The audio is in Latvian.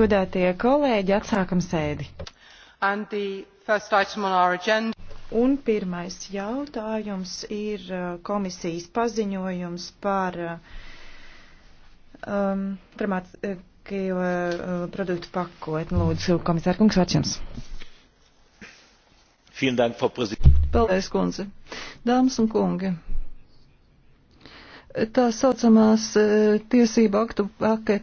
Godātie kolēģi, atsākam sēdi. Un pirmais jautājums ir uh, komisijas paziņojums par uh, um, primātiskajiem uh, produktu pakotni. Lūdzu, komisārkungs, vārds jums. Paldies, kundze. Dāmas un kungi, tā saucamās eh, tiesību aktu pakete